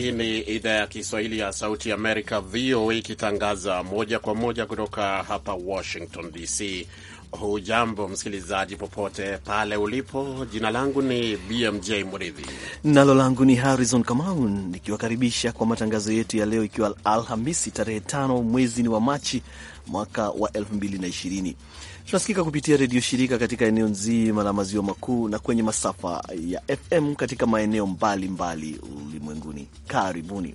Hii ni idhaa ya Kiswahili ya Sauti ya Amerika, VOA, ikitangaza moja kwa moja kutoka hapa Washington DC. Hujambo msikilizaji, popote pale ulipo. Jina langu ni BMJ Mridhi nalo langu ni Harrison Kamau, nikiwakaribisha kwa matangazo yetu ya leo, ikiwa Alhamisi tarehe tano mwezi ni wa Machi mwaka wa 2020. Tunasikika kupitia redio shirika katika eneo nzima la maziwa makuu na kwenye masafa ya FM katika maeneo mbalimbali ulimwenguni. Karibuni.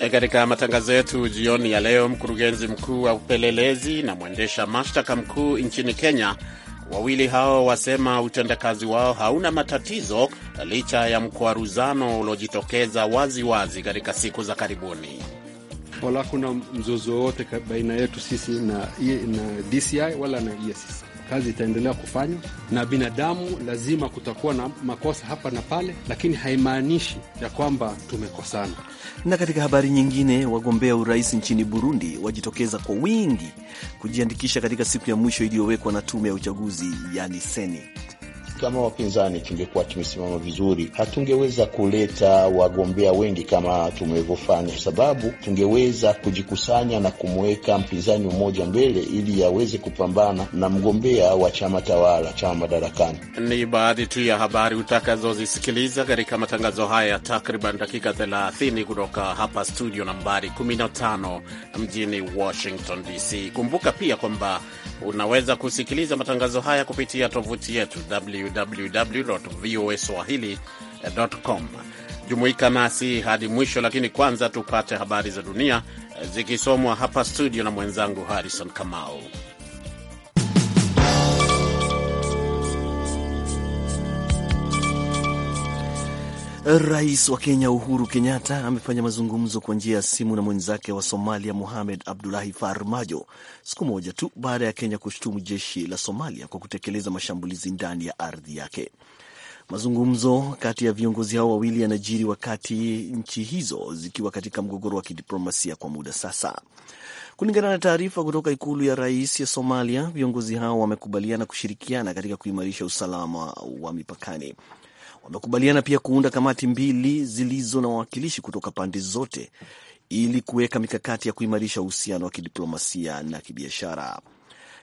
E, katika matangazo yetu jioni ya leo, mkurugenzi mkuu wa upelelezi na mwendesha mashtaka mkuu nchini Kenya Wawili hao wasema utendakazi wao hauna matatizo licha ya mkwaruzano uliojitokeza waziwazi katika siku za karibuni. Wala kuna mzozo wowote baina yetu sisi na, na DCI wala na EACC kazi itaendelea kufanywa na binadamu. Lazima kutakuwa na makosa hapa na pale, lakini haimaanishi ya kwamba tumekosana. Na katika habari nyingine, wagombea urais nchini Burundi wajitokeza kwa wingi kujiandikisha katika siku ya mwisho iliyowekwa na tume ya uchaguzi, yani seni kama wapinzani tungekuwa tumesimama vizuri, hatungeweza kuleta wagombea wengi kama tumevyofanya, kwa sababu tungeweza kujikusanya na kumweka mpinzani mmoja mbele ili aweze kupambana na mgombea wa chama tawala, chama madarakani. Ni baadhi tu ya habari utakazozisikiliza katika matangazo haya takriban dakika 30 kutoka hapa studio nambari 15 mjini Washington DC. Kumbuka pia kwamba unaweza kusikiliza matangazo haya kupitia tovuti yetu w www.voaswahili.com. Jumuika nasi hadi mwisho, lakini kwanza tupate habari za dunia eh, zikisomwa hapa studio na mwenzangu Harrison Kamau. Rais wa Kenya Uhuru Kenyatta amefanya mazungumzo kwa njia ya simu na mwenzake wa Somalia Mohamed Abdullahi Farmajo siku moja tu baada ya Kenya kushutumu jeshi la Somalia kwa kutekeleza mashambulizi ndani ya ardhi yake. Mazungumzo kati ya viongozi hao wawili yanajiri wakati nchi hizo zikiwa katika mgogoro wa kidiplomasia kwa muda sasa. Kulingana na taarifa kutoka ikulu ya rais ya Somalia, viongozi hao wamekubaliana kushirikiana katika kuimarisha usalama wa mipakani. Wamekubaliana pia kuunda kamati mbili zilizo na wawakilishi kutoka pande zote ili kuweka mikakati ya kuimarisha uhusiano wa kidiplomasia na kibiashara.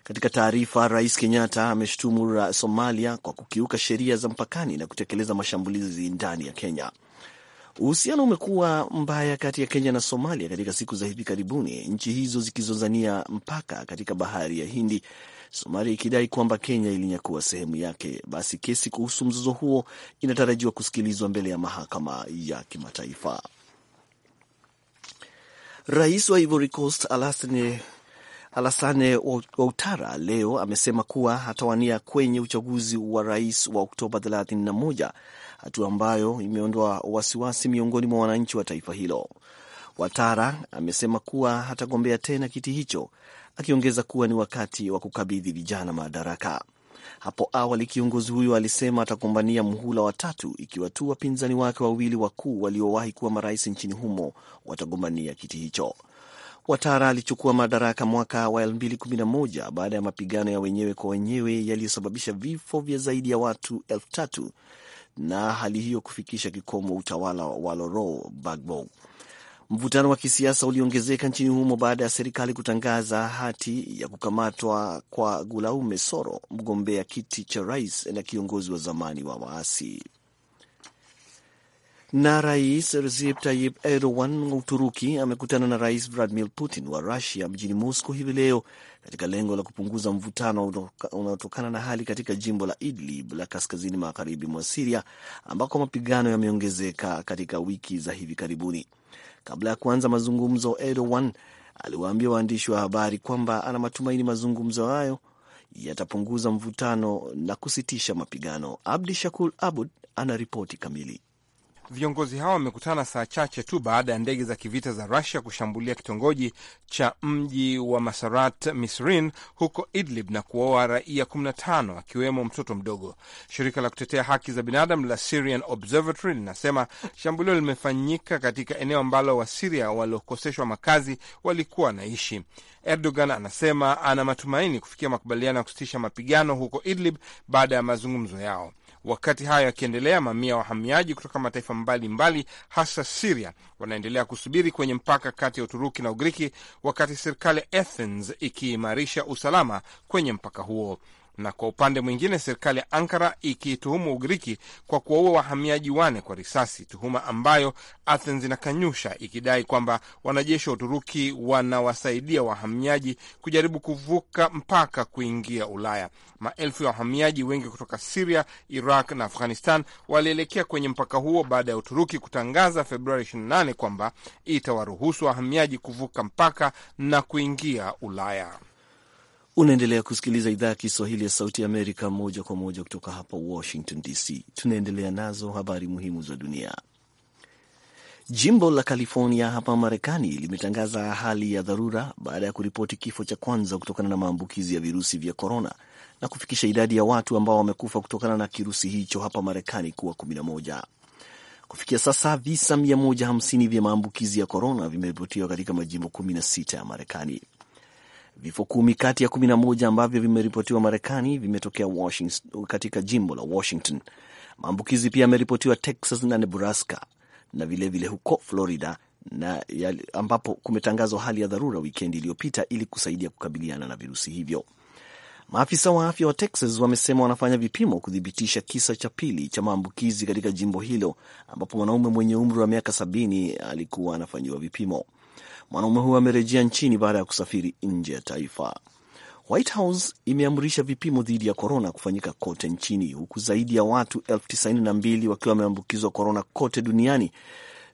Katika taarifa, Rais Kenyatta ameshutumu Somalia kwa kukiuka sheria za mpakani na kutekeleza mashambulizi ndani ya Kenya. Uhusiano umekuwa mbaya kati ya Kenya na Somalia katika siku za hivi karibuni, nchi hizo zikizozania mpaka katika bahari ya Hindi Somalia ikidai kwamba Kenya ilinyakua sehemu yake. Basi kesi kuhusu mzozo huo inatarajiwa kusikilizwa mbele ya mahakama ya kimataifa. Rais wa Ivory Coast Alassane Alassane Ouattara leo amesema kuwa hatawania kwenye uchaguzi wa rais wa Oktoba 31, hatua ambayo imeondoa wasiwasi miongoni mwa wananchi wa taifa hilo. Ouattara amesema kuwa hatagombea tena kiti hicho akiongeza kuwa ni wakati wa kukabidhi vijana madaraka. Hapo awali kiongozi huyo alisema atagombania mhula watatu ikiwa tu wapinzani wake wawili wakuu waliowahi kuwa marais nchini humo watagombania kiti hicho. Watara alichukua madaraka mwaka wa 2011 baada ya mapigano ya wenyewe kwa wenyewe yaliyosababisha vifo vya zaidi ya watu elfu tatu na hali hiyo kufikisha kikomo utawala wa Loro Bagbo. Mvutano wa kisiasa uliongezeka nchini humo baada ya serikali kutangaza hati ya kukamatwa kwa gulaume Soro, mgombea kiti cha rais na kiongozi wa zamani wa waasi. Na Rais Recep Tayyip Erdogan wa Uturuki amekutana na Rais Vladimir Putin wa Rusia mjini Moscow hivi leo katika lengo la kupunguza mvutano unaotokana na hali katika jimbo la Idlib la kaskazini magharibi mwa Siria ambako mapigano yameongezeka katika wiki za hivi karibuni. Kabla ya kuanza mazungumzo, Erdogan aliwaambia waandishi wa habari kwamba ana matumaini mazungumzo hayo yatapunguza mvutano na kusitisha mapigano. Abdi Shakur Abud ana ripoti kamili. Viongozi hao wamekutana saa chache tu baada ya ndege za kivita za Rusia kushambulia kitongoji cha mji wa Masarat Misrin huko Idlib na kuwaua raia 15 akiwemo mtoto mdogo. Shirika la kutetea haki za binadamu la Syrian Observatory linasema shambulio limefanyika katika eneo ambalo Wasiria waliokoseshwa makazi walikuwa wanaishi. Erdogan anasema ana matumaini kufikia makubaliano ya kusitisha mapigano huko Idlib baada ya mazungumzo yao. Wakati hayo yakiendelea, mamia ya wahamiaji kutoka mataifa mbalimbali mbali, hasa Siria wanaendelea kusubiri kwenye mpaka kati ya Uturuki na Ugiriki, wakati serikali Athens ikiimarisha usalama kwenye mpaka huo na kwa upande mwingine serikali ya Ankara ikituhumu Ugiriki kwa kuwaua wahamiaji wane kwa risasi, tuhuma ambayo Athens inakanyusha ikidai kwamba wanajeshi wa Uturuki wanawasaidia wahamiaji kujaribu kuvuka mpaka kuingia Ulaya. Maelfu ya wahamiaji, wengi kutoka Siria, Iraq na Afghanistan, walielekea kwenye mpaka huo baada ya Uturuki kutangaza Februari 28 kwamba itawaruhusu wahamiaji kuvuka mpaka na kuingia Ulaya. Unaendelea kusikiliza idhaa ya Kiswahili ya Sauti Amerika moja kwa moja kutoka hapa Washington DC. Tunaendelea nazo habari muhimu za dunia. Jimbo la California hapa Marekani limetangaza hali ya dharura baada ya kuripoti kifo cha kwanza kutokana na maambukizi ya virusi vya korona na kufikisha idadi ya watu ambao wamekufa kutokana na kirusi hicho hapa Marekani kuwa 11. Kufikia sasa visa 150 vya maambukizi ya korona vimeripotiwa katika majimbo 16 ya Marekani. Vifo kumi kati ya 11 ambavyo vimeripotiwa Marekani vimetokea katika jimbo la Washington. Maambukizi pia yameripotiwa Texas na Nebraska na vilevile vile huko Florida na ambapo kumetangazwa hali ya dharura wikendi iliyopita ili kusaidia kukabiliana na virusi hivyo. Maafisa wa afya wa Texas wamesema wanafanya vipimo kuthibitisha kisa cha pili cha maambukizi katika jimbo hilo, ambapo mwanaume mwenye umri wa miaka sabini alikuwa anafanyiwa vipimo. Mwanaume huyo amerejea nchini baada ya kusafiri nje ya taifa. White House imeamrisha vipimo dhidi ya korona kufanyika kote nchini huku zaidi ya watu elfu tisini na mbili wakiwa wameambukizwa korona kote duniani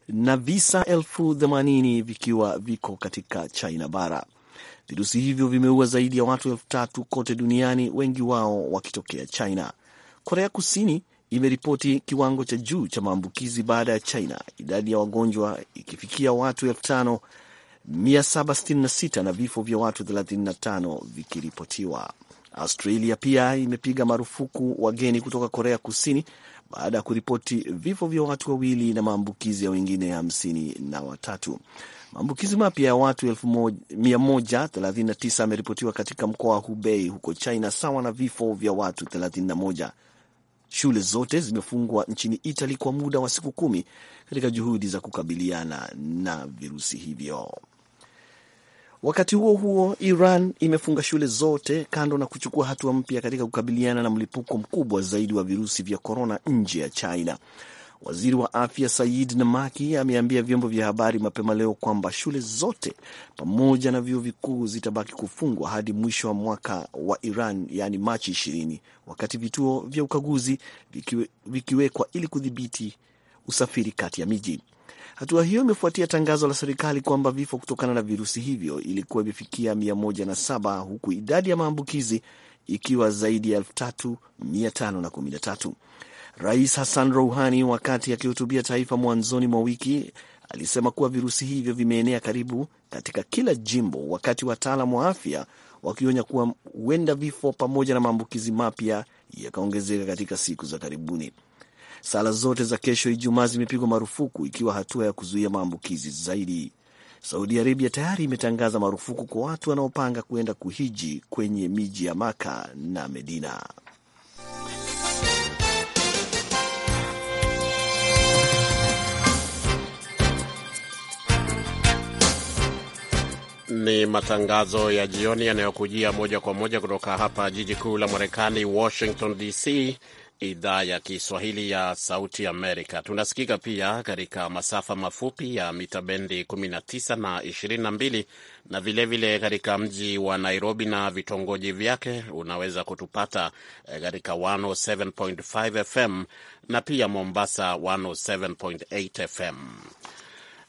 na visa elfu themanini vikiwa viko katika China bara. Virusi hivyo vimeua zaidi ya watu elfu tatu kote duniani, wengi wao wakitokea China. Korea Kusini imeripoti kiwango cha juu cha maambukizi baada ya China, idadi ya wagonjwa ikifikia watu elfu tano 766 na vifo vya watu 35 vikiripotiwa. Australia pia imepiga marufuku wageni kutoka Korea Kusini baada ya kuripoti vifo vya watu wawili na maambukizi ya wengine hamsini na watatu. Maambukizi mapya ya watu 139 ameripotiwa katika mkoa wa Hubei huko China, sawa na vifo vya watu 31. Shule zote zimefungwa nchini Italy kwa muda wa siku kumi katika juhudi za kukabiliana na virusi hivyo. Wakati huo huo, Iran imefunga shule zote kando na kuchukua hatua mpya katika kukabiliana na mlipuko mkubwa zaidi wa virusi vya korona nje ya China. Waziri wa afya Said Namaki ameambia vyombo vya habari mapema leo kwamba shule zote pamoja na vyuo vikuu zitabaki kufungwa hadi mwisho wa mwaka wa Iran, yaani Machi ishirini, wakati vituo vya ukaguzi vikiwekwa ili kudhibiti usafiri kati ya miji. Hatua hiyo imefuatia tangazo la serikali kwamba vifo kutokana na virusi hivyo ilikuwa imefikia 107 huku idadi ya maambukizi ikiwa zaidi ya 3513. Rais Hassan Rouhani, wakati akihutubia taifa mwanzoni mwa wiki, alisema kuwa virusi hivyo vimeenea karibu katika kila jimbo, wakati wataalam wa afya wakionya kuwa huenda vifo pamoja na maambukizi mapya yakaongezeka katika siku za karibuni. Sala zote za kesho Ijumaa zimepigwa marufuku ikiwa hatua ya kuzuia maambukizi zaidi. Saudi Arabia tayari imetangaza marufuku kwa watu wanaopanga kuenda kuhiji kwenye miji ya Maka na Medina. Ni matangazo ya jioni yanayokujia moja kwa moja kutoka hapa jiji kuu la Marekani, Washington DC idhaa ya Kiswahili ya Sauti Amerika. Tunasikika pia katika masafa mafupi ya mita bendi 19 na 22 na vilevile katika mji wa Nairobi na vitongoji vyake. Unaweza kutupata eh, katika 107.5 FM na pia Mombasa 107.8 FM.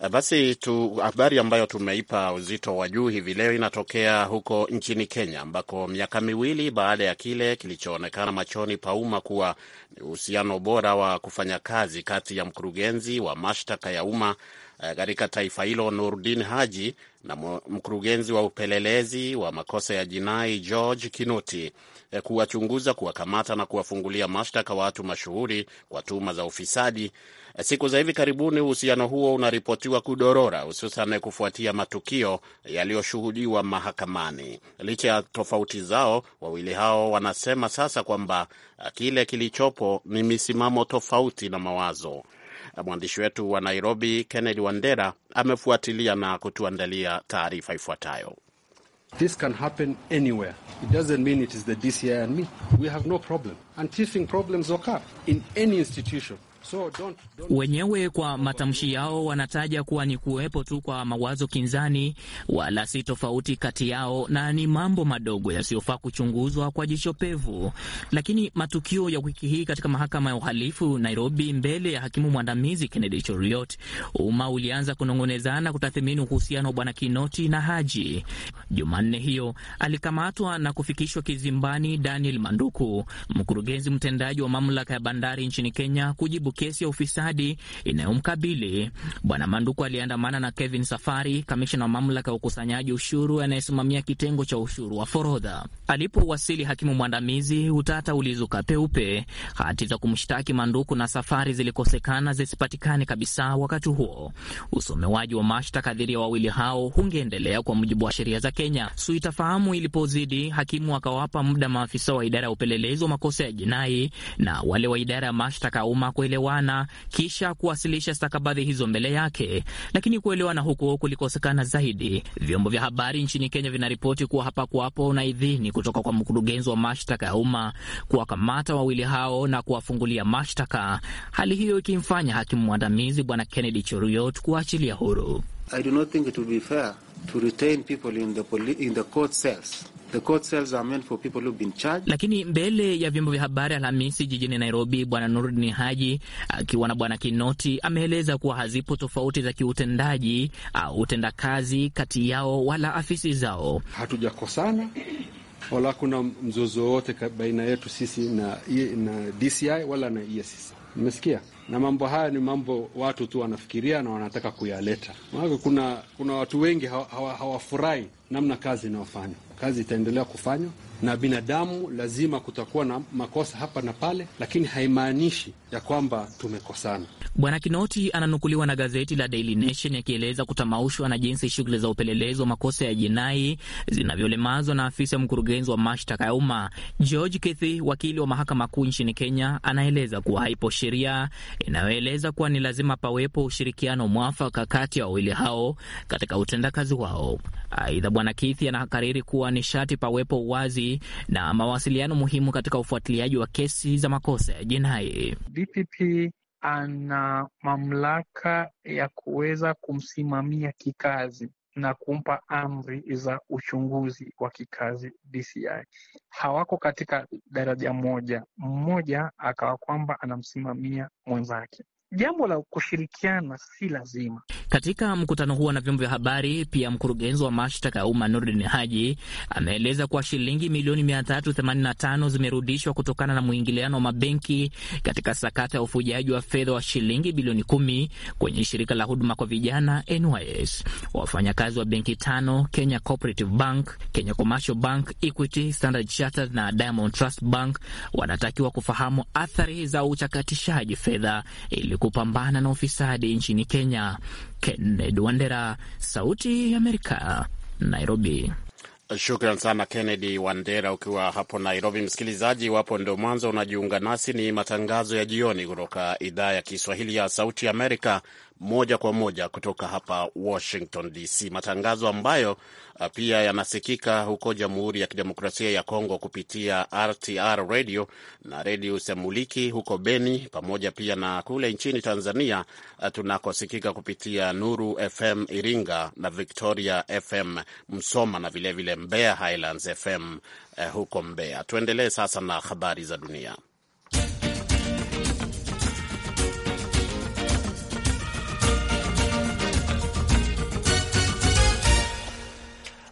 Eh, basi tu habari ambayo tumeipa uzito wa juu hivi leo inatokea huko nchini Kenya, ambako miaka miwili baada ya kile kilichoonekana machoni pa umma kuwa ni uhusiano bora wa kufanya kazi kati ya mkurugenzi wa mashtaka ya umma Eh, katika taifa hilo Nurdin Haji na mkurugenzi wa upelelezi wa makosa ya jinai George Kinoti eh, kuwachunguza, kuwakamata na kuwafungulia mashtaka watu mashuhuri kwa tuhuma za ufisadi. Eh, siku za hivi karibuni uhusiano huo unaripotiwa kudorora, hususan kufuatia matukio yaliyoshuhudiwa mahakamani. Licha ya tofauti zao, wawili hao wanasema sasa kwamba kile kilichopo ni misimamo tofauti na mawazo. Mwandishi wetu wa Nairobi, Kennedy Wandera, amefuatilia na kutuandalia taarifa ifuatayo. This can happen anywhere. It doesn't mean it is the DCI and me. We have no problem. And teething problems occur in any institution. So don't, don't... Wenyewe kwa matamshi yao wanataja kuwa ni kuwepo tu kwa mawazo kinzani, wala si tofauti kati yao, na ni mambo madogo yasiyofaa kuchunguzwa kwa jicho pevu. Lakini matukio ya wiki hii katika mahakama ya uhalifu Nairobi, mbele ya hakimu mwandamizi Kennedy Choriot, umma ulianza kunong'onezana kutathimini uhusiano wa bwana Kinoti na Haji. Jumanne hiyo alikamatwa na kufikishwa kizimbani Daniel Manduku, mkurugenzi mtendaji wa mamlaka ya bandari nchini Kenya, kujibu kesi ya ufisadi inayomkabili Bwana Manduku aliandamana na Kevin Safari, kamishina wa mamlaka ya ukusanyaji ushuru anayesimamia kitengo cha ushuru wa forodha. Alipowasili hakimu mwandamizi, utata ulizuka peupe. Hati za kumshtaki Manduku na Safari zilikosekana zisipatikane kabisa. Wakati huo usomewaji wa mashtaka dhidi ya wawili hao hungeendelea kwa mujibu wa sheria za Kenya. Suitafahamu ilipozidi, hakimu akawapa muda maafisa wa idara ya upelelezi wa makosa ya jinai na wale wa idara ya mashtaka ya umma kuelewa kuelewana kisha kuwasilisha stakabadhi hizo mbele yake, lakini kuelewana huko kulikosekana zaidi. Vyombo vya habari nchini Kenya vinaripoti kuwa hapa kuwapo na idhini kutoka kwa mkurugenzi wa mashtaka ya umma kuwakamata wawili hao na kuwafungulia mashtaka, hali hiyo ikimfanya hakimu mwandamizi Bwana Kennedy Choriot kuwaachilia huru. I do not think it will be fair to retain people in the, in the court cells. The court cells are meant for people who've been charged. Lakini mbele ya vyombo vya habari Alhamisi jijini Nairobi, Bwana Nurdin Haji akiwa na Bwana Kinoti ameeleza kuwa hazipo tofauti za kiutendaji au utendakazi kati yao wala afisi zao. Hatujakosana wala kuna mzozo wote baina yetu sisi na, na DCI wala na EACC. Nimesikia na mambo haya ni mambo watu tu wanafikiria na wanataka kuyaleta. Maana kuna, kuna watu wengi hawafurahi hawa namna kazi inayofanywa. Kazi itaendelea kufanywa na binadamu, lazima kutakuwa na makosa hapa na pale, lakini haimaanishi ya kwamba tumekosana. Bwana Kinoti ananukuliwa na gazeti la Daily Nation akieleza kutamaushwa na jinsi shughuli za upelelezi wa makosa ya jinai zinavyolemazwa na afisa mkurugenzi wa mashtaka ya umma George Kithi, wakili wa mahakama kuu nchini Kenya, anaeleza kuwa haipo sheria inayoeleza kuwa ni lazima pawepo ushirikiano mwafaka kati ya wawili hao katika utendakazi wao. Aidha, Bwana Kithi anakariri kuwa ni sharti pawepo uwazi na mawasiliano muhimu katika ufuatiliaji wa kesi za makosa ya jinai. DPP ana mamlaka ya kuweza kumsimamia kikazi na kumpa amri za uchunguzi wa kikazi DCI. Hawako katika daraja moja, mmoja akawa kwamba anamsimamia mwenzake. Jambo la kushirikiana si lazima. Katika mkutano huo na vyombo vya habari, pia mkurugenzi wa mashtaka ya umma Nurdin Haji ameeleza kuwa shilingi milioni 385 zimerudishwa kutokana na mwingiliano wa mabenki katika sakata ya ufujaji wa fedha wa shilingi bilioni kumi kwenye shirika la huduma kwa vijana NYS. Wafanyakazi wa benki tano, Kenya Cooperative Bank, Kenya Commercial Bank, Equity, Standard Chartered na Diamond Trust Bank wanatakiwa kufahamu athari za uchakatishaji fedha ili kupambana na ufisadi nchini Kenya. Kennedy Wandera, Sauti ya Amerika, Nairobi. Shukran sana Kennedy Wandera, ukiwa hapo Nairobi. Msikilizaji, iwapo ndio mwanzo unajiunga nasi, ni matangazo ya jioni kutoka idhaa ya Kiswahili ya Sauti Amerika, moja kwa moja kutoka hapa Washington DC, matangazo ambayo uh, pia yanasikika huko Jamhuri ya Kidemokrasia ya Kongo kupitia RTR Radio na Redio Semuliki huko Beni, pamoja pia na kule nchini Tanzania uh, tunakosikika kupitia Nuru FM Iringa na Victoria FM Msoma na vilevile vile Mbeya Highlands FM uh, huko Mbeya. Tuendelee sasa na habari za dunia.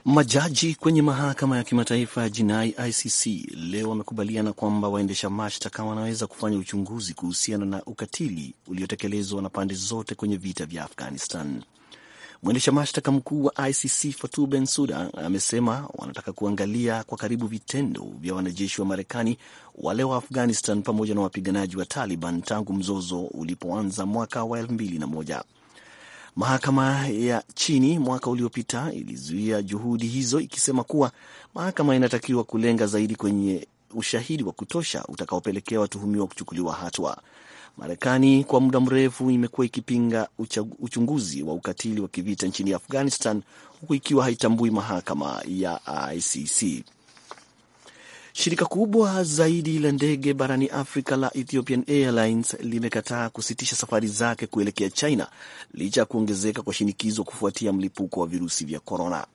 Majaji kwenye mahakama ya kimataifa ya jinai ICC leo wamekubaliana kwamba waendesha mashtaka wanaweza kufanya uchunguzi kuhusiana na ukatili uliotekelezwa na pande zote kwenye vita vya Afghanistan. Mwendesha mashtaka mkuu wa ICC Fatou Bensouda amesema wanataka kuangalia kwa karibu vitendo vya wanajeshi wa Marekani, wale wa Afghanistan pamoja na wapiganaji wa Taliban tangu mzozo ulipoanza mwaka wa elfu mbili na moja. Mahakama ya chini mwaka uliopita ilizuia juhudi hizo ikisema kuwa mahakama inatakiwa kulenga zaidi kwenye ushahidi wa kutosha utakaopelekea watuhumiwa kuchukuliwa hatua. Marekani kwa muda mrefu imekuwa ikipinga uchunguzi wa ukatili wa kivita nchini Afghanistan, huku ikiwa haitambui mahakama ya ICC. Shirika kubwa zaidi la ndege barani Afrika la Ethiopian Airlines limekataa kusitisha safari zake kuelekea China licha ya kuongezeka kwa shinikizo kufuatia mlipuko wa virusi vya korona.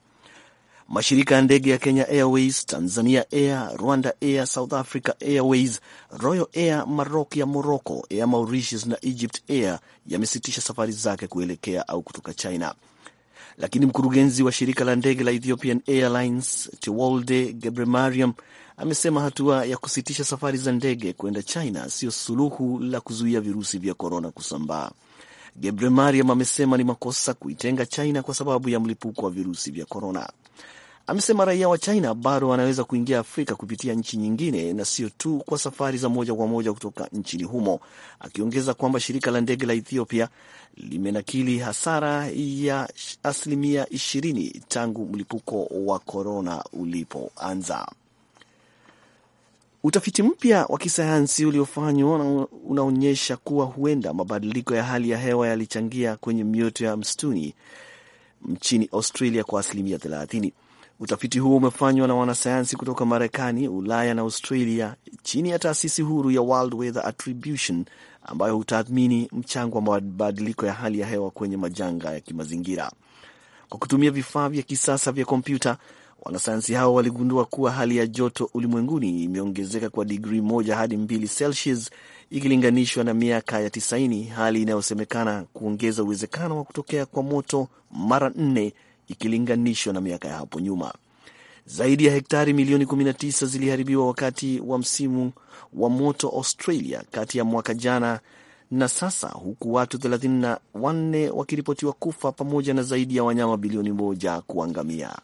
Mashirika ya ndege ya Kenya Airways, Tanzania Air, Rwanda Air, South Africa Airways, Royal Air Maroc ya Morocco, Air Mauritius na Egypt Air yamesitisha safari zake kuelekea au kutoka China. Lakini mkurugenzi wa shirika la ndege la Ethiopian Airlines Tewolde Gebremariam amesema hatua ya kusitisha safari za ndege kwenda China siyo suluhu la kuzuia virusi vya korona kusambaa. Gebre Mariam amesema ni makosa kuitenga China kwa sababu ya mlipuko wa virusi vya korona. Amesema raia wa China bado wanaweza kuingia Afrika kupitia nchi nyingine na sio tu kwa safari za moja kwa moja kutoka nchini humo, akiongeza kwamba shirika la ndege la Ethiopia limenakili hasara ya asilimia 20 tangu mlipuko wa korona ulipoanza. Utafiti mpya wa kisayansi uliofanywa unaonyesha kuwa huenda mabadiliko ya hali ya hewa yalichangia kwenye mioto ya msituni nchini Australia kwa asilimia 30. Utafiti huo umefanywa na wanasayansi kutoka Marekani, Ulaya na Australia chini ya taasisi huru ya World Weather Attribution ambayo hutathmini mchango wa mabadiliko ya hali ya hewa kwenye majanga ya kimazingira. Kwa kutumia vifaa vya kisasa vya kompyuta, Wanasayansi hao waligundua kuwa hali ya joto ulimwenguni imeongezeka kwa digrii moja hadi mbili Celsius ikilinganishwa na miaka ya tisaini, hali inayosemekana kuongeza uwezekano wa kutokea kwa moto mara nne ikilinganishwa na miaka ya hapo nyuma. Zaidi ya hektari milioni 19 ziliharibiwa wakati wa msimu wa moto Australia kati ya mwaka jana na sasa, huku watu 34 wakiripotiwa kufa pamoja na zaidi ya wanyama bilioni moja kuangamia.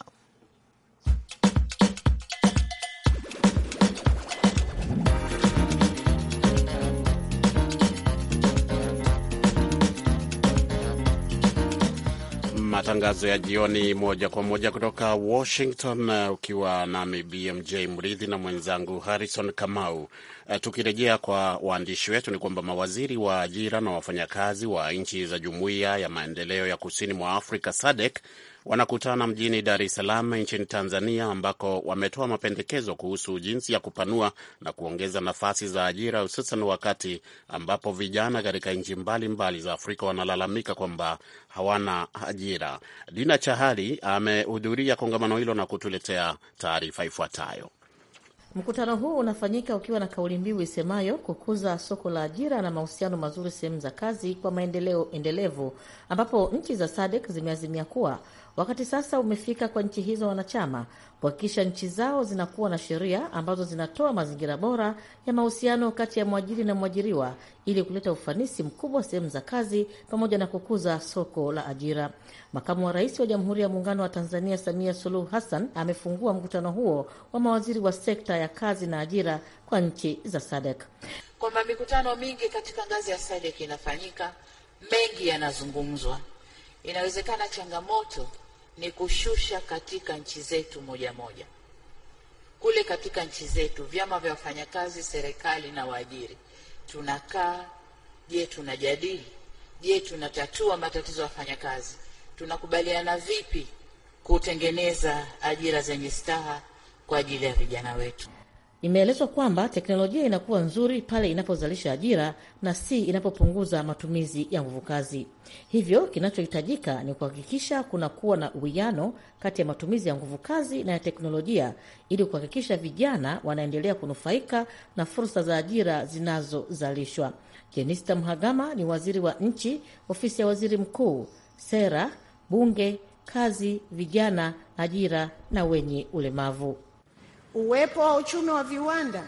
Matangazo ya jioni moja kwa moja kutoka Washington, uh, ukiwa nami BMJ Mridhi na mwenzangu Harrison Kamau. Eh, tukirejea kwa waandishi wetu ni kwamba mawaziri wa ajira na wafanyakazi wa nchi za Jumuiya ya Maendeleo ya Kusini mwa Afrika SADC wanakutana mjini Dar es Salaam nchini Tanzania, ambako wametoa mapendekezo kuhusu jinsi ya kupanua na kuongeza nafasi za ajira, hususan wakati ambapo vijana katika nchi mbalimbali za Afrika wanalalamika kwamba hawana ajira. Dina Chahali amehudhuria kongamano hilo na kutuletea taarifa ifuatayo. Mkutano huu unafanyika ukiwa na kauli mbiu isemayo kukuza soko la ajira na mahusiano mazuri sehemu za kazi kwa maendeleo endelevu, ambapo nchi za SADC zimeazimia kuwa Wakati sasa umefika kwa nchi hizo wanachama kuhakikisha nchi zao zinakuwa na sheria ambazo zinatoa mazingira bora ya mahusiano kati ya mwajiri na mwajiriwa ili kuleta ufanisi mkubwa sehemu za kazi pamoja na kukuza soko la ajira. Makamu wa Rais wa Jamhuri ya Muungano wa Tanzania Samia Suluhu Hassan amefungua mkutano huo wa mawaziri wa sekta ya kazi na ajira kwa nchi za SADC. Kwamba mikutano mingi katika ngazi ya SADC inafanyika, mengi yanazungumzwa, inawezekana changamoto ni kushusha katika nchi zetu moja moja. Kule katika nchi zetu, vyama vya wafanyakazi, serikali na waajiri, tunakaa. Je, tunajadili? Je, tunatatua matatizo ya wafanyakazi? Tunakubaliana vipi kutengeneza ajira zenye staha kwa ajili ya vijana wetu? Imeelezwa kwamba teknolojia inakuwa nzuri pale inapozalisha ajira na si inapopunguza matumizi ya nguvu kazi. Hivyo kinachohitajika ni kuhakikisha kunakuwa na uwiano kati ya matumizi ya nguvu kazi na ya teknolojia ili kuhakikisha vijana wanaendelea kunufaika na fursa za ajira zinazozalishwa. Jenista Mhagama ni waziri wa nchi, ofisi ya waziri mkuu, sera, bunge, kazi, vijana, ajira na wenye ulemavu. Uwepo wa uchumi wa viwanda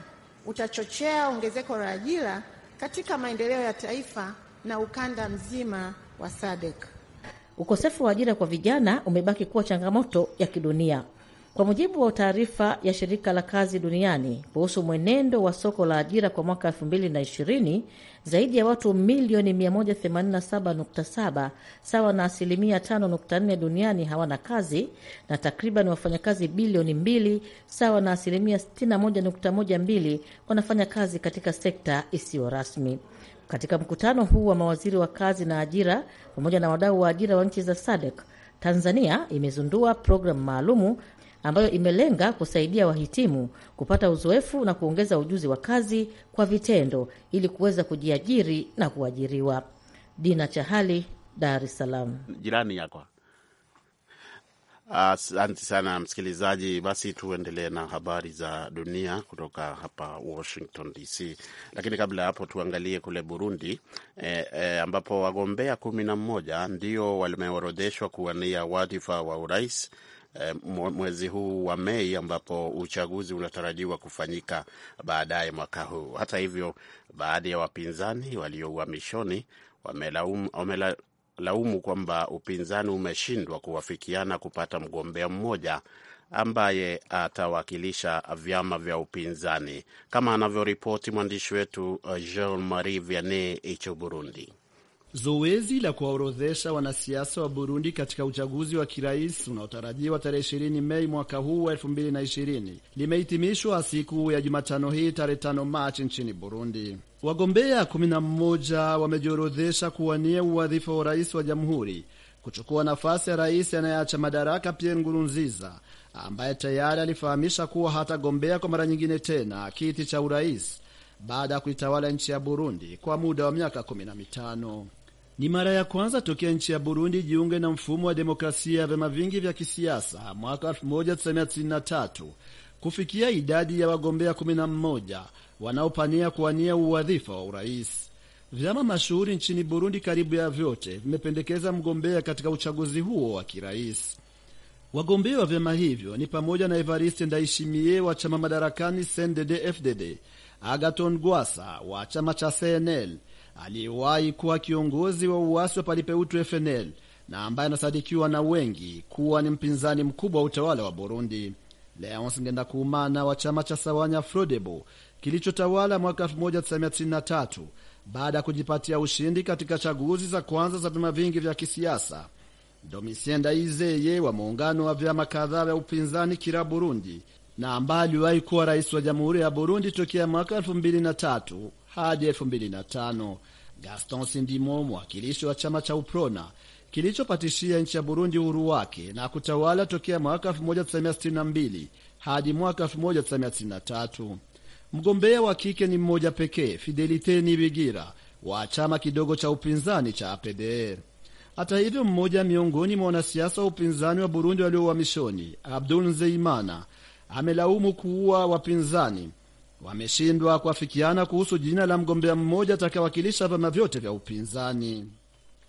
utachochea ongezeko la ajira katika maendeleo ya taifa na ukanda mzima wa SADC. Ukosefu wa ajira kwa vijana umebaki kuwa changamoto ya kidunia. Kwa mujibu wa taarifa ya shirika la kazi duniani kuhusu mwenendo wa soko la ajira kwa mwaka 2020, zaidi ya watu milioni 187.7 sawa na asilimia 5.4 duniani hawana kazi na takriban wafanyakazi bilioni 2 sawa na asilimia 61.12 wanafanya kazi katika sekta isiyo rasmi. Katika mkutano huu wa mawaziri wa kazi na ajira pamoja na wadau wa ajira wa nchi za SADC, Tanzania imezindua programu maalumu ambayo imelenga kusaidia wahitimu kupata uzoefu na kuongeza ujuzi wa kazi kwa vitendo ili kuweza kujiajiri na kuajiriwa. Dina Chahali, Dar es Salaam. Jirani yako. Asante sana msikilizaji. Basi tuendelee na habari za dunia kutoka hapa Washington DC, lakini kabla ya hapo tuangalie kule Burundi eh, eh, ambapo wagombea kumi na mmoja ndio wameorodheshwa kuwania wadhifa wa urais Eh, mwezi huu wa Mei ambapo uchaguzi unatarajiwa kufanyika baadaye mwaka huu. Hata hivyo, baadhi ya wapinzani walio uhamishoni wamelaumu kwamba upinzani umeshindwa kuwafikiana kupata mgombea mmoja ambaye atawakilisha vyama vya upinzani, kama anavyoripoti mwandishi wetu eh, Jean Marie Vianney icho Burundi. Zoezi la kuwaorodhesha wanasiasa wa Burundi katika uchaguzi wa kirais unaotarajiwa tarehe ishirini Mei mwaka huu wa ishirini limehitimishwa siku ya Jumatano hii tarehe 5 Machi nchini Burundi. Wagombea mmoja wamejiorodhesha kuwania uwadhifa wa rais wa jamhuri kuchukua nafasi ya rais anayeacha madaraka Pierre ngurunziza ambaye tayari alifahamisha kuwa hatagombea kwa mara nyingine tena kiti cha urais baada ya kuitawala nchi ya Burundi kwa muda wa miaka mitano. Ni mara ya kwanza tokea nchi ya Burundi jiunge na mfumo wa demokrasia ya vyama vingi vya kisiasa mwaka 1993 kufikia idadi ya wagombea 11 wanaopania kuwania uwadhifa wa urais. Vyama mashuhuri nchini Burundi karibu ya vyote vimependekeza mgombea katika uchaguzi huo wa kirais. Wagombea wa vyama hivyo ni pamoja na Evariste Ndayishimiye wa chama madarakani CNDD-FDD, Agaton Gwasa wa chama cha CNL aliyewahi kuwa kiongozi wa uasi wa Palipeutu FNL na ambaye anasadikiwa na wengi kuwa ni mpinzani mkubwa wa utawala wa Burundi. Leonce Ngendakumana wa chama cha Sawanya Frodebo kilichotawala mwaka 1993 baada ya kujipatia ushindi katika chaguzi za kwanza za vyama vingi vya kisiasa. Domitien Ndayizeye wa muungano wa vyama kadhaa vya upinzani kira Burundi na ambaye aliwahi kuwa rais wa jamhuri ya Burundi tokea mwaka 2003 hadi 2005. Gaston Sindimo, mwakilishi wa chama cha UPRONA kilichopatishia nchi ya Burundi uhuru wake na kutawala tokea mwaka 1962 hadi mwaka 1993. Mgombea wa kike ni mmoja pekee, Fidelite Nibigira wa chama kidogo cha upinzani cha APDR. E. Hata hivyo, mmoja miongoni mwa wanasiasa wa upinzani wa Burundi walio uhamishoni, Abdul Nzeimana, amelaumu kuua wapinzani wameshindwa kuafikiana kuhusu jina la mgombea mmoja atakayewakilisha vyama vyote vya upinzani.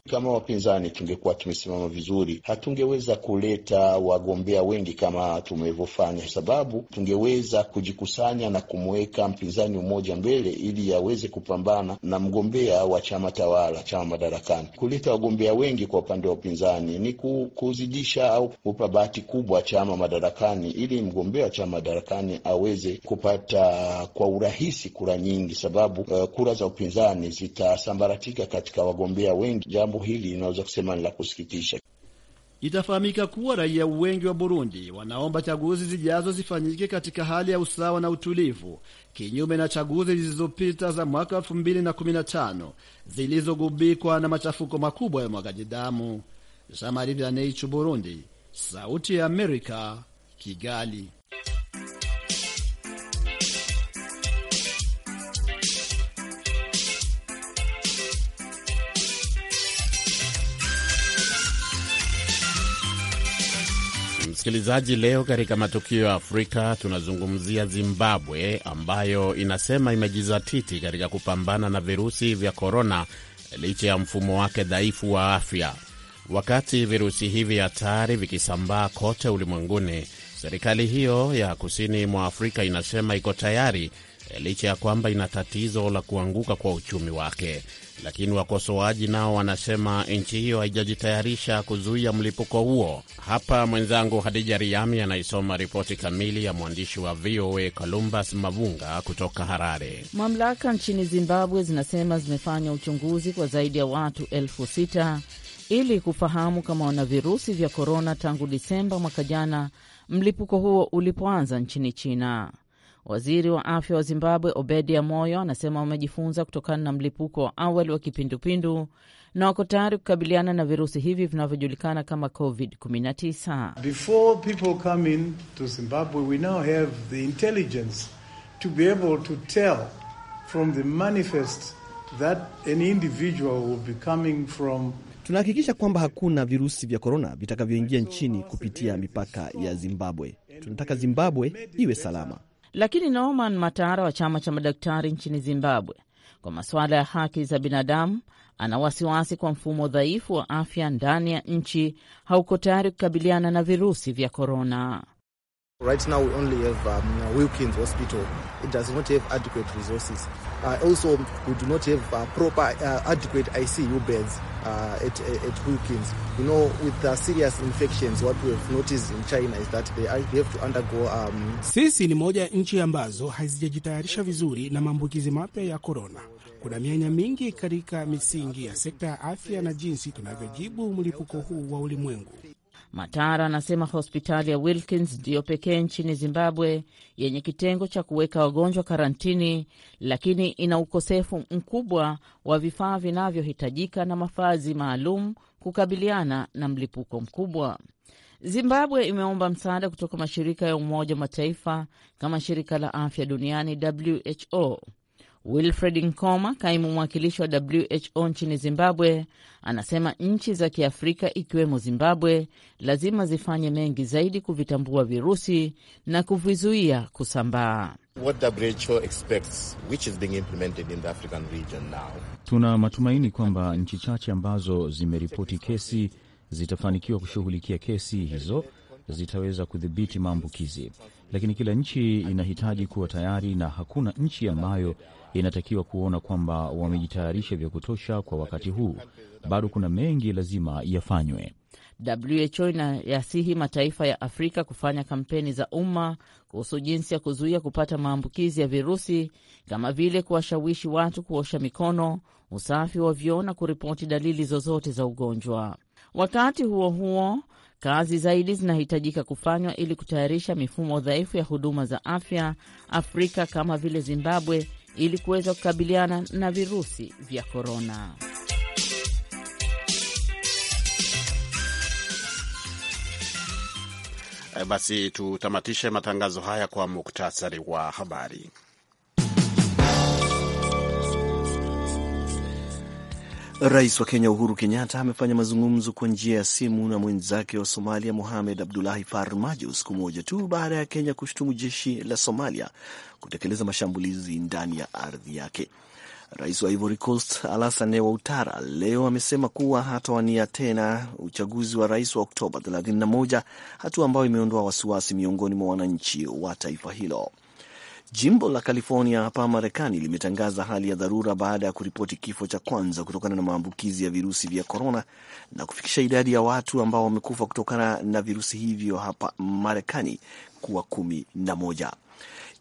Kama wapinzani tungekuwa tumesimama vizuri, hatungeweza kuleta wagombea wengi kama tumevyofanya, sababu tungeweza kujikusanya na kumweka mpinzani mmoja mbele ili aweze kupambana na mgombea wa chama tawala, chama madarakani. Kuleta wagombea wengi kwa upande wa upinzani ni kuzidisha au kupa bahati kubwa chama madarakani, ili mgombea wa chama madarakani aweze kupata kwa urahisi kura nyingi, sababu uh, kura za upinzani zitasambaratika katika wagombea wengi, jambo jambo hili linaweza kusema ni la kusikitisha. Itafahamika kuwa raia wengi wa Burundi wanaomba chaguzi zijazo zifanyike katika hali ya usawa na utulivu, kinyume na chaguzi zilizopita za mwaka 215 zilizogubikwa na machafuko makubwa ya mwagaji damu. Burundi, Sauti ya Amerika, Kigali. Msikilizaji, leo katika matukio ya Afrika tunazungumzia Zimbabwe ambayo inasema imejizatiti katika kupambana na virusi vya korona licha ya mfumo wake dhaifu wa afya. Wakati virusi hivi hatari vikisambaa kote ulimwenguni, serikali hiyo ya kusini mwa Afrika inasema iko tayari licha ya kwamba ina tatizo la kuanguka kwa uchumi wake lakini wakosoaji nao wanasema nchi hiyo haijajitayarisha kuzuia mlipuko huo. Hapa mwenzangu Hadija Riami anaisoma ripoti kamili ya mwandishi wa VOA Columbus Mavunga kutoka Harare. Mamlaka nchini Zimbabwe zinasema zimefanya uchunguzi kwa zaidi ya watu elfu sita ili kufahamu kama wana virusi vya korona tangu Disemba mwaka jana mlipuko huo ulipoanza nchini China. Waziri wa afya wa Zimbabwe Obedia Moyo anasema wamejifunza kutokana na mlipuko wa awali wa kipindupindu na wako tayari kukabiliana na virusi hivi vinavyojulikana kama COVID-19. Tunahakikisha kwamba hakuna virusi vya korona vitakavyoingia nchini kupitia mipaka ya Zimbabwe. Tunataka Zimbabwe iwe salama. Lakini Norman Matara wa chama cha madaktari nchini Zimbabwe kwa masuala ya haki za binadamu ana wasiwasi kwa mfumo dhaifu wa afya ndani ya nchi hauko tayari kukabiliana na virusi vya korona. Right now we only have um, Wilkins Hospital. It does not have adequate resources. Uh, also, we do not have uh, proper uh, adequate ICU beds uh, at, at Wilkins. You know, with the serious infections, what we have noticed in China is that they, they have to undergo um... Sisi ni moja ya nchi ambazo hazijajitayarisha vizuri na maambukizi mapya ya korona. Kuna mianya mingi katika misingi ya sekta ya afya na jinsi tunavyojibu mlipuko huu wa ulimwengu. Matara anasema hospitali ya Wilkins ndiyo pekee nchini Zimbabwe yenye kitengo cha kuweka wagonjwa karantini, lakini ina ukosefu mkubwa wa vifaa vinavyohitajika na mavazi maalum kukabiliana na mlipuko mkubwa. Zimbabwe imeomba msaada kutoka mashirika ya Umoja wa Mataifa kama shirika la afya duniani WHO. Wilfred Nkoma, kaimu mwakilishi wa WHO nchini Zimbabwe, anasema nchi za Kiafrika ikiwemo Zimbabwe lazima zifanye mengi zaidi kuvitambua virusi na kuvizuia kusambaa. Tuna matumaini kwamba nchi chache ambazo zimeripoti kesi zitafanikiwa kushughulikia kesi hizo, zitaweza kudhibiti maambukizi lakini kila nchi inahitaji kuwa tayari, na hakuna nchi ambayo inatakiwa kuona kwamba wamejitayarisha vya kutosha kwa wakati huu. Bado kuna mengi lazima yafanywe. WHO inayasihi mataifa ya Afrika kufanya kampeni za umma kuhusu jinsi ya kuzuia kupata maambukizi ya virusi kama vile kuwashawishi watu kuosha mikono, usafi wa vyoo na kuripoti dalili zozote za ugonjwa. Wakati huo huo, Kazi zaidi zinahitajika kufanywa ili kutayarisha mifumo dhaifu ya huduma za afya Afrika kama vile Zimbabwe ili kuweza kukabiliana na virusi vya korona. Basi tutamatishe matangazo haya kwa muktasari wa habari. Rais wa Kenya Uhuru Kenyatta amefanya mazungumzo kwa njia ya simu na mwenzake wa Somalia Mohamed Abdullahi Farmajo siku moja tu baada ya Kenya kushutumu jeshi la Somalia kutekeleza mashambulizi ndani ya ardhi yake. Rais wa Ivory Coast Alassane Ouattara leo amesema kuwa hatawania tena uchaguzi wa rais wa Oktoba 31, hatua ambayo imeondoa wasiwasi miongoni mwa wananchi wa taifa hilo. Jimbo la California hapa Marekani limetangaza hali ya dharura baada ya kuripoti kifo cha kwanza kutokana na maambukizi ya virusi vya korona na kufikisha idadi ya watu ambao wamekufa kutokana na virusi hivyo hapa Marekani kuwa kumi na moja.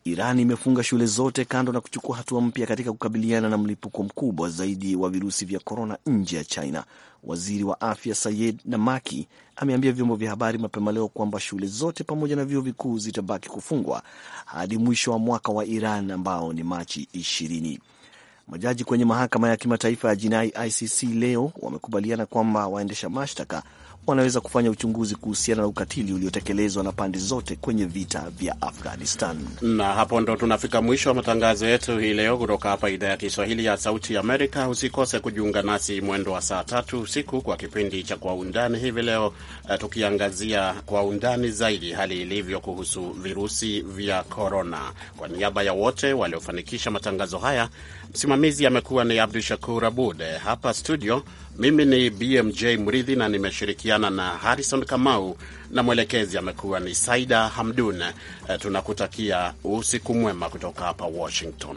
Iran imefunga shule zote kando na kuchukua hatua mpya katika kukabiliana na mlipuko mkubwa zaidi wa virusi vya korona nje ya China. Waziri wa afya Sayed Namaki ameambia vyombo vya habari mapema leo kwamba shule zote pamoja na vyuo vikuu zitabaki kufungwa hadi mwisho wa mwaka wa Iran ambao ni Machi ishirini. Majaji kwenye mahakama ya kimataifa ya jinai ICC leo wamekubaliana kwamba waendesha mashtaka wanaweza kufanya uchunguzi kuhusiana na ukatili uliotekelezwa na pande zote kwenye vita vya Afghanistan. Na hapo ndo tunafika mwisho wa matangazo yetu hii leo kutoka hapa idhaa ya Kiswahili ya Sauti ya Amerika. Usikose kujiunga nasi mwendo wa saa tatu usiku kwa kipindi cha Kwa Undani hivi leo, eh, tukiangazia kwa undani zaidi hali ilivyo kuhusu virusi vya korona. Kwa niaba ya wote waliofanikisha matangazo haya, msimamizi amekuwa ni Abdu Shakur Abud hapa studio. Mimi ni BMJ Mridhi na nimeshirikiana na Harrison Kamau na mwelekezi amekuwa ni Saida Hamdun. Eh, tunakutakia usiku mwema kutoka hapa Washington.